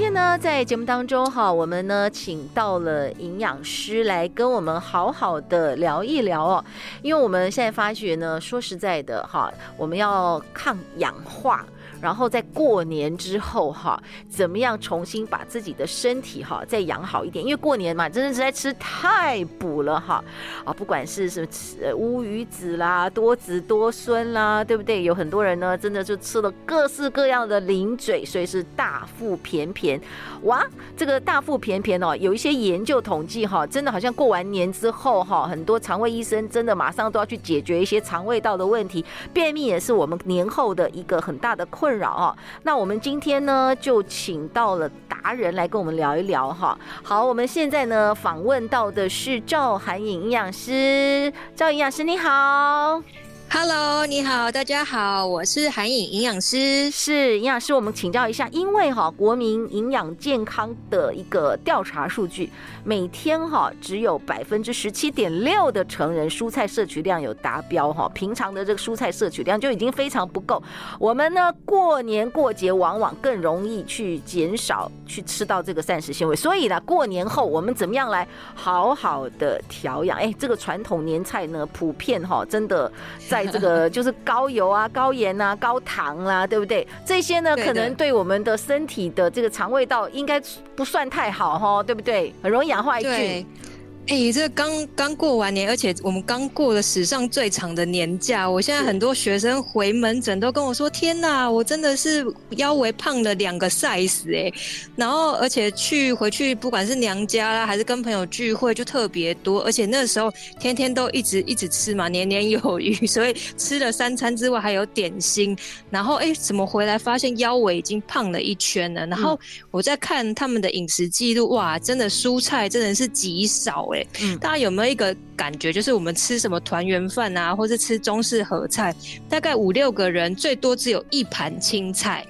今天呢，在節目當中哈，我們呢請到了營養師來跟我們好好的聊一聊哦，因為我們現在發覺呢，說實在的哈，我們要抗氧化。然後在過年之後哈，怎麼樣重新把自己的身體哈再養好一點？因為過年嘛，真的實在吃太補了哈啊！不管是什麼烏魚子啦、多子多孫啦，對不對？有很多人呢，真的就吃了各式各樣的零嘴，所以是大腹便便哇！這個大腹便便哦，有一些研究統計哈，真的好像過完年之後哈，很多腸胃醫生真的馬上都要去解決一些腸胃道的問題，便秘也是我們年後的一個很大的困擾，困擾啊！那我們今天呢，就請到了達人來跟我們聊一聊哈。好，我們現在呢訪問到的是趙函穎營養師，趙營養師你好。Hello，你好，大家好，我是函穎營養師，是營養師，我們請教一下，因為哈、哦、國民營養健康的一個調查數據，每天哈、哦、只有百分之十七點六的成人蔬菜攝取量有達標哈、哦，平常的這個蔬菜攝取量就已經非常不夠，我們呢過年過節往往更容易去減少去吃到這個膳食纖維，所以呢過年後我們怎麼樣來好好的調養？哎，這個傳統年菜呢普遍哈、哦、真的在。 這個就是高油啊、高鹽啊、高糖啦、啊，對不對？這些呢，對的 可能對我們的身體的這個腸胃道應該不算太好、哦，吼，對不對？很容易養壞菌。哎、欸，這個、剛剛過完年，而且我們剛過了史上最長的年假。我現在很多學生回門診都跟我說：“是天吶，我真的是腰圍胖了兩個 size 哎、欸。”然後，而且去回去不管是娘家啦，還是跟朋友聚會，就特別多。而且那時候天天都一直一直吃嘛，年年有餘，所以吃了三餐之外還有點心。然後哎、欸，怎麼回來發現腰圍已經胖了一圈了？然後我在看他們的飲食記錄，哇，真的蔬菜真的是極少、啊。嗯，大家有沒有一個感覺，就是我們吃什麼團圓飯啊，或是吃中式合菜，大概五六個人最多只有一盤青菜，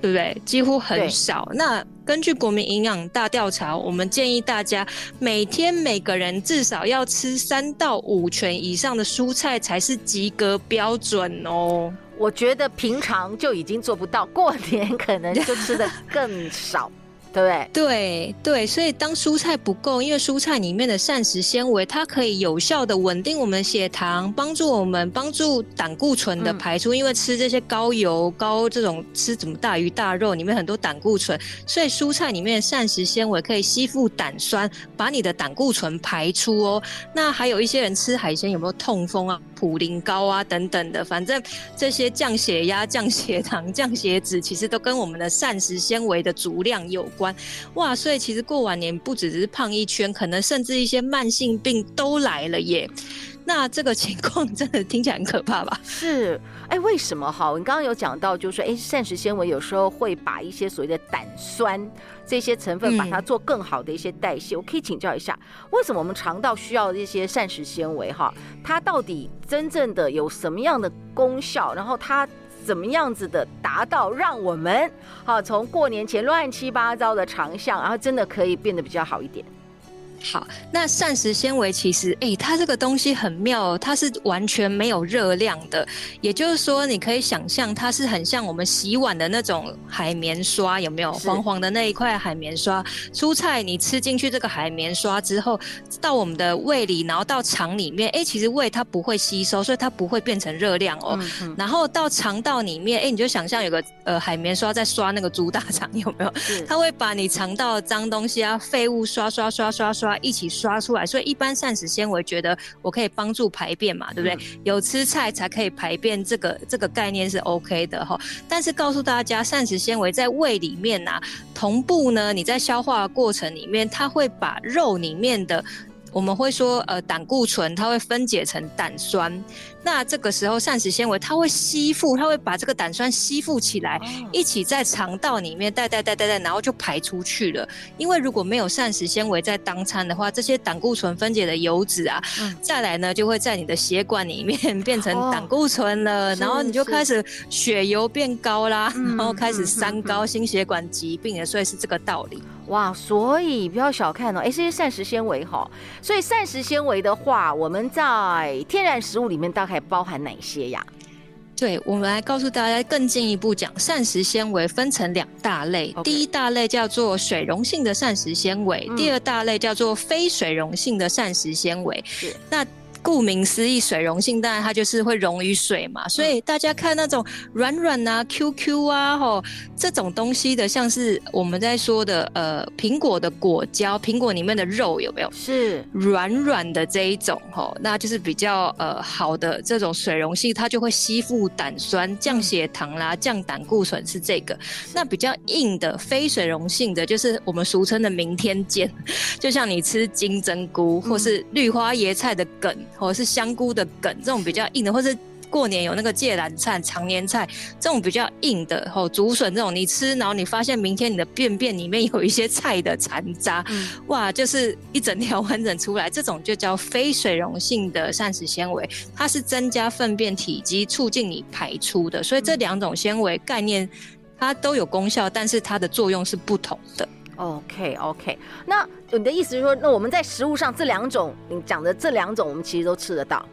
對不對？幾乎很少。對那根據國民營養大調查，我們建議大家每天每個人至少要吃三到五拳以上的蔬菜才是及格標準哦。我覺得平常就已經做不到，過年可能就吃得更少。 對對對，對，所以當蔬菜不夠，因為蔬菜裡面的膳食纖維，它可以有效的穩定我們血糖，幫助我們幫助膽固醇的排出。嗯、因為吃這些高油高這種吃什麼大魚大肉，裡面很多膽固醇，所以蔬菜裡面的膳食纖維可以吸附膽酸，把你的膽固醇排出哦。那還有一些人吃海鮮有沒有痛風啊、普林高啊等等的，反正這些降血壓、降血糖、降血脂，其實都跟我們的膳食纖維的足量有關。哇，所以其實過完年不只是胖一圈，可能甚至一些慢性病都來了耶。那這個情況真的聽起來很可怕吧？是，哎、欸，為什麼哈？我們剛剛有講到，就是哎、欸，膳食纖維有時候會把一些所謂的膽酸這些成分，把它做更好的一些代謝。嗯、我可以請教一下，為什麼我們腸道需要這些膳食纖維？哈，它到底真正的有什麼樣的功效？然後它。怎麼樣子的達到，讓我們好、啊、從過年前亂七八糟的腸相，然後、啊、真的可以變得比較好一點。好，那膳食纖維其實，哎、欸，它這個東西很妙哦，它是完全沒有熱量的。也就是說，你可以想象它是很像我們洗碗的那種海綿刷，有沒有？是黃黃的那一塊海綿刷。蔬菜你吃進去這個海綿刷之後，到我們的胃裡，然後到腸裡面，哎、欸，其實胃它不會吸收，所以它不會變成熱量哦。嗯、哼然後到腸道裡面，哎、欸，你就想象有個呃海綿刷在刷那個豬大腸，有沒有？是它會把你腸道的髒東西啊、廢物刷刷刷刷刷刷刷。一起刷出來，所以一般膳食纖維覺得我可以幫助排便嘛，對不對？嗯、有吃菜才可以排便，這個這個概念是 OK 的齁。但是告訴大家，膳食纖維在胃裡面啊，同步呢，你在消化的過程裡面，它會把肉裡面的。我們會說，呃，膽固醇它會分解成膽酸，那這個時候膳食纖維它會吸附，它會把這個膽酸吸附起來，哦、一起在腸道裡面帶帶帶帶帶，然後就排出去了。因為如果沒有膳食纖維在當餐的話，這些膽固醇分解的油脂啊，嗯、再來呢就會在你的血管裡面變成膽固醇了，哦、然後你就開始血油變高啦，是是然後開始三高心血管疾病了，嗯嗯嗯嗯、所以是這個道理。哇，所以不要小看哦，哎、欸，這些膳食纖維哈，所以膳食纖維的話，我們在天然食物裡面大概包含哪些呀？對，我們來告訴大家更進一步講，膳食纖維分成兩大類，Okay. 第一大類叫做水溶性的膳食纖維，嗯、第二大類叫做非水溶性的膳食纖維。是那。顧名思義，水溶性，當然它就是會溶於水嘛。所以大家看那種軟軟啊、Q Q 啊、吼這種東西的，像是我們在說的呃蘋果的果膠，蘋果裡面的肉有沒有？是軟軟的這一種吼，那就是比較呃好的這種水溶性，它就會吸附膽酸、降血糖啦、啊、嗯、降膽固醇是這個。那比較硬的非水溶性的，就是我們俗稱的明天見，就像你吃金針菇或是綠花椰菜的梗。嗯或者、哦、是香菇的梗這種比較硬的，或是過年有那個芥蘭菜、長年菜這種比較硬的，吼、哦，竹筍這種你吃，然後你發現明天你的便便裡面有一些菜的殘渣，嗯、哇，就是一整條完整出來，這種就叫非水溶性的膳食纖維，它是增加糞便體積，促進你排出的。所以這兩種纖維概念，它都有功效，但是它的作用是不同的。OK，OK。Okay, okay. 那你的意思就是說，那我們在食物上這兩種，你講的這兩種，我們其實都吃得到。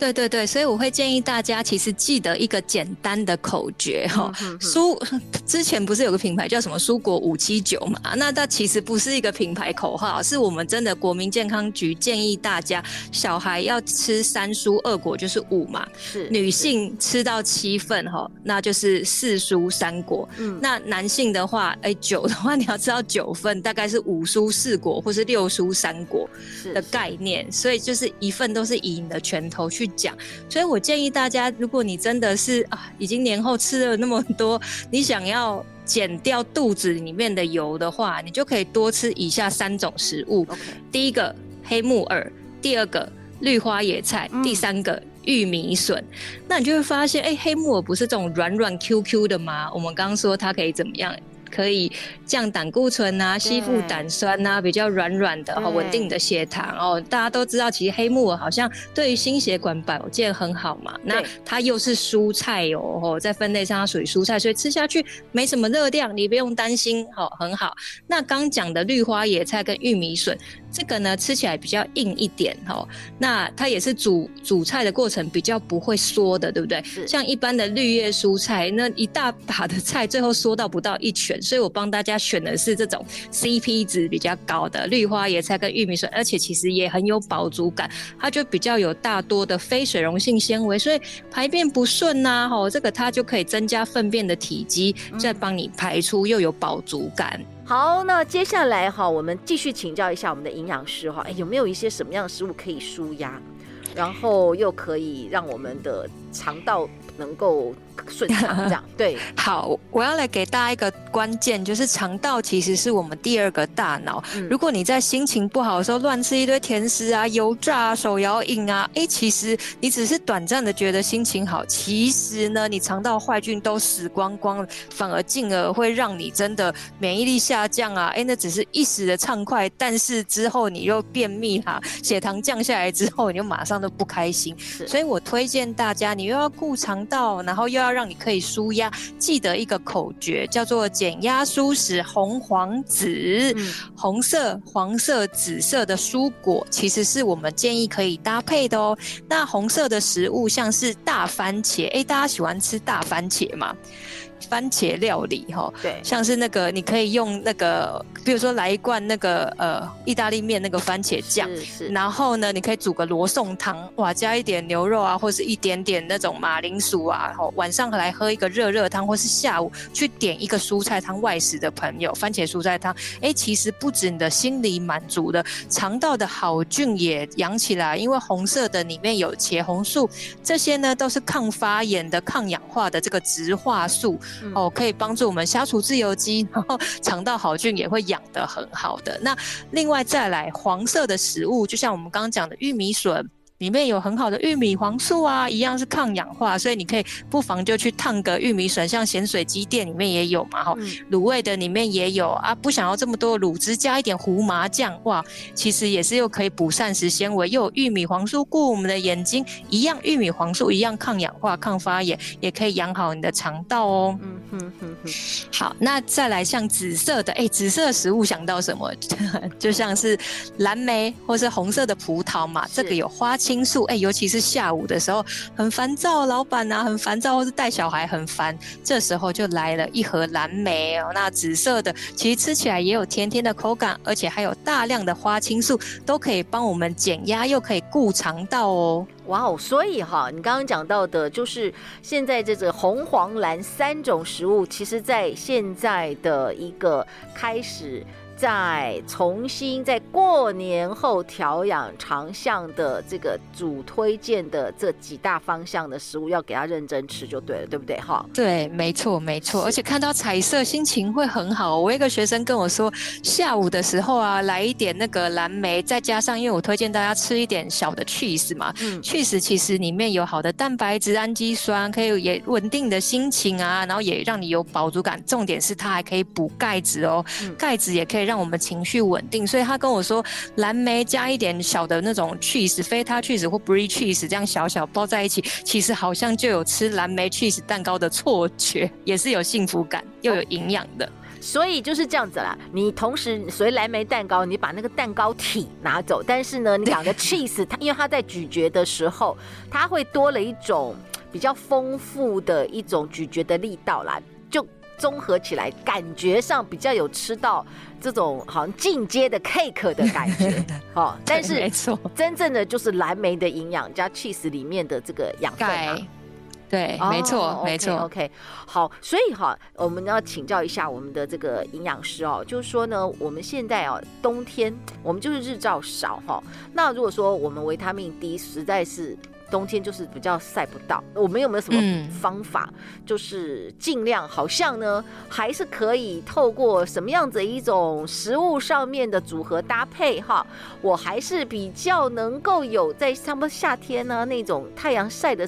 對對對，所以我會建議大家，其實記得一個簡單的口訣哈。蔬、嗯、之前不是有個品牌叫什麼“蔬果五七九”嘛？那它其實不是一個品牌口號，是我們真的國民健康局建議大家，小孩要吃三蔬二果，就是五嘛。是，是女性吃到七份哈，那就是四蔬三果。嗯。那男性的話，哎、欸，九的話你要吃到九份，大概是五蔬四果或是六蔬三果的概念。所以就是一份都是以你的拳頭去講，所以我建議大家，如果你真的是啊，已經年後吃了那麼多，你想要減掉肚子裡面的油的話，你就可以多吃以下三種食物。Okay. 第一個黑木耳，第二個綠花椰菜，嗯、第三個玉米筍。那你就會發現，哎、欸，黑木耳不是這種軟軟 Q Q 的嗎？我們剛剛說它可以怎麼樣？可以降膽固醇啊，吸附膽酸啊，對比較軟軟的，哦對，穩定的血糖哦。大家都知道，其實黑木耳好像對於心血管保健很好嘛。對那它又是蔬菜哦，在分類上它屬於蔬菜，所以吃下去沒什麼熱量，你不用擔心，好、哦，很好。那剛講的綠花椰菜跟玉米筍。這個呢，吃起來比較硬一點哈、哦，那它也是煮煮菜的過程比較不會縮的，對不對？是像一般的綠葉蔬菜，那一大把的菜，最後縮到不到一拳，所以我幫大家選的是這種 CP 值比較高的綠花椰菜跟玉米筍，而且其實也很有飽足感，它就比較有大多的非水溶性纖維，所以排便不順吶、啊，吼、哦，這個它就可以增加糞便的體積，再幫你排出、嗯、又有飽足感。好，那接下來哈，我們繼續請教一下我們的營養師哈，哎、欸，有沒有一些什麼樣的食物可以紓壓，然後又可以讓我們的。腸道能夠順暢這樣，對， 好，我要來給大家一個關鍵，就是腸道其實是我們第二個大腦。嗯、如果你在心情不好的時候亂吃一堆甜食啊、油炸啊、手搖飲啊，哎、欸，其實你只是短暫的覺得心情好，其實呢，你腸道壞菌都死光光了，反而進而會讓你真的免疫力下降啊。哎、欸，那只是一時的暢快，但是之後你又便秘哈、啊，血糖降下來之後，你就馬上都不開心。是所以我推薦大家，你又要顧腸道，然後又要讓你可以舒壓，記得一個口訣，叫做“減壓蔬食紅黃紫”嗯。紅色、黃色、紫色的蔬果，其實是我們建議可以搭配的哦。那紅色的食物，像是大番茄，欸，大家喜歡吃大番茄嗎？番茄料理哈，對，像是那個你可以用那個，對比如說來一罐那個呃意大利麵那個番茄醬，是，是，然後呢你可以煮個羅宋湯，哇，加一點牛肉啊，或是一點點那種馬鈴薯啊，然後晚上來喝一個熱熱湯，或是下午去點一個蔬菜湯。外食的朋友，番茄蔬菜湯，哎，其實不止你的心理滿足了，腸道的好菌也養起來，因為紅色的裡面有茄紅素，這些呢都是抗發炎的、抗氧化的這個植化素。哦，可以幫助我們消除自由基，然後腸道好菌也會養得很好的。那另外再來，黃色的食物，就像我們剛剛講的玉米筍。裡面有很好的玉米黃素啊，一樣是抗氧化，所以你可以不妨就去燙個玉米筍，像鹹水雞店裡面也有嘛，哈、嗯，滷味的裡面也有啊。不想要這麼多滷汁，加一點胡麻醬，哇，其實也是又可以補膳食纖維，又有玉米黃素，顧我們的眼睛一樣，玉米黃素一樣抗氧化、抗發炎，也可以養好你的腸道哦。嗯嗯 好，那再來像紫色的，哎、欸，紫色食物想到什麼？ 就像是藍莓或是紅色的葡萄嘛。是這個有花青素，哎、欸，尤其是下午的時候很煩躁，老板吶、啊、很煩躁，或是帶小孩很煩，這時候就來了一盒藍莓哦。那紫色的其實吃起來也有甜甜的口感，而且還有大量的花青素，都可以幫我們減壓，又可以顧腸道哦。哇哦，wow, 所以哈，你剛剛講到的，就是現在這個紅黃藍三種食物，其實，在現在的一個開始。再重新在過年後調養，長項的這個主推薦的這幾大方向的食物，要給他認真吃就對了，對不對哈？對，沒錯沒錯。是而且看到彩色，心情會很好。我一個學生跟我說，下午的時候啊，來一點那個藍莓，再加上因為我推薦大家吃一點小的 cheese 嘛，嗯，cheese 其實裡面有好的蛋白質、氨基酸，可以也穩定的心情啊，然後也讓你有飽足感。重點是它還可以補鈣質哦，嗯、鈣質也可以讓我們情緒穩定，所以他跟我說，藍莓加一點小的那種 cheese，feta cheese 或 brie cheese，這樣小小包在一起，其實好像就有吃藍莓 cheese 蛋糕的錯覺，也是有幸福感又有營養的。哦。所以就是這樣子啦，你同時所謂藍莓蛋糕，你把那個蛋糕體拿走，但是呢，兩個 cheese 它因為它在咀嚼的時候，它會多了一種比較豐富的一種咀嚼的力道啦。綜合起來，感覺上比較有吃到這種好像進階的 cake 的感覺， 哦、但是，沒錯，真正的就是藍莓的營養加 cheese 裡面的這個養分、啊，對，哦、沒錯，沒錯、okay, okay 哦。OK，好，所以哈、哦，我們要請教一下我們的這個營養師哦，就是說呢，我們現在哦，冬天我們就是日照少哈、哦，那如果說我們維他命 D 實在是。冬天就是比較晒不到，我們有沒有什麼方法？嗯、就是儘量好像呢，還是可以透過什麼樣子的一種食物上面的組合搭配哈，我還是比較能夠有在他們夏天呢那種太陽曬的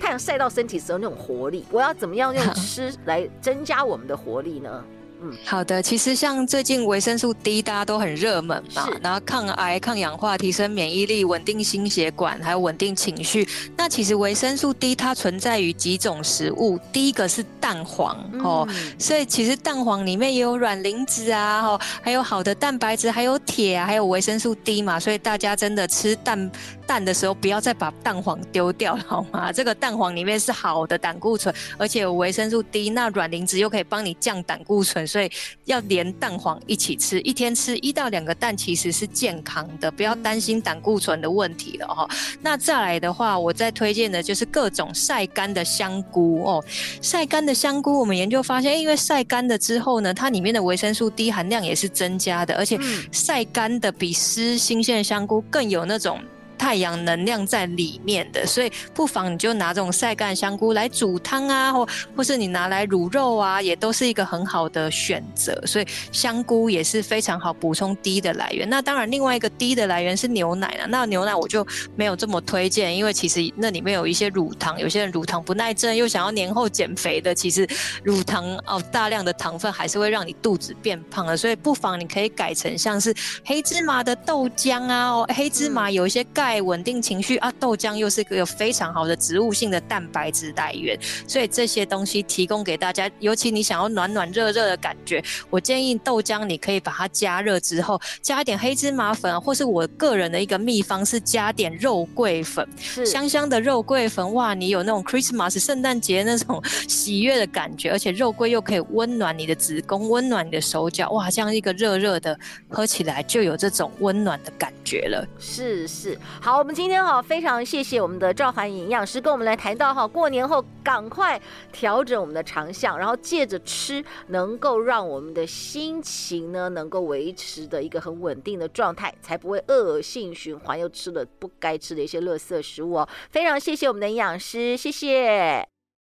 太陽曬到身體時候那種活力，我要怎麼樣用吃來增加我們的活力呢？嗯嗯、好的。其實像最近維生素 D 大家都很熱門嘛，是然後抗癌、抗氧化、提升免疫力、穩定心血管，還有穩定情緒。那其實維生素 D 它存在於幾種食物，第一個是蛋黃哦，嗯、所以其實蛋黃裡面也有卵磷脂啊，哈、哦，還有好的蛋白質，還有鐵啊，還有維生素 D 嘛，所以大家真的吃蛋。蛋的時候不要再把蛋黃丟掉了好嗎？這個蛋黃裡面是好的膽固醇，而且有維生素 D，那卵磷脂又可以幫你降膽固醇，所以要連蛋黃一起吃。一天吃一到兩個蛋其實是健康的，不要擔心膽固醇的問題了哈、喔。那再來的話，我再推薦的就是各種曬乾的香菇哦。曬乾的香菇，喔、香菇我們研究發現，欸、因為曬乾了之後呢，它裡面的維生素 D 含量也是增加的，而且曬乾的比濕新鮮香菇更有那種。太陽能量在裡面的，所以不妨你就拿這種曬乾香菇來煮湯啊，或或是你拿來滷肉啊，也都是一個很好的選擇。所以香菇也是非常好補充 D 的來源。那當然，另外一個 D 的來源是牛奶啊，那牛奶我就沒有這麼推薦，因為其實那裡面有一些乳糖，有些人乳糖不耐症，又想要年後減肥的，其實乳糖哦，大量的糖分還是會讓你肚子變胖的。所以不妨你可以改成像是黑芝麻的豆漿啊，哦，黑芝麻有一些鈣，嗯。穩定情緒啊，豆漿又是一個非常好的植物性的蛋白質來源，所以這些東西提供給大家。尤其你想要暖暖熱熱的感覺，我建議豆漿你可以把它加熱之後，加一點黑芝麻粉，或是我個人的一個秘方是加點肉桂粉，是香香的肉桂粉，哇，你有那種 Christmas 聖誕節那種喜悅的感覺，而且肉桂又可以溫暖你的子宮，溫暖你的手腳，哇，這樣一個熱熱的喝起來就有這種溫暖的感覺了。是是。是好，我們今天哈非常謝謝我們的趙函穎營養師跟我們來談到哈，過年後趕快調整我們的腸相，然後借着吃能夠讓我們的心情呢能夠維持的一個很穩定的狀態，才不會惡性循環又吃了不該吃的一些垃圾食物哦。非常謝謝我們的營養師，謝謝。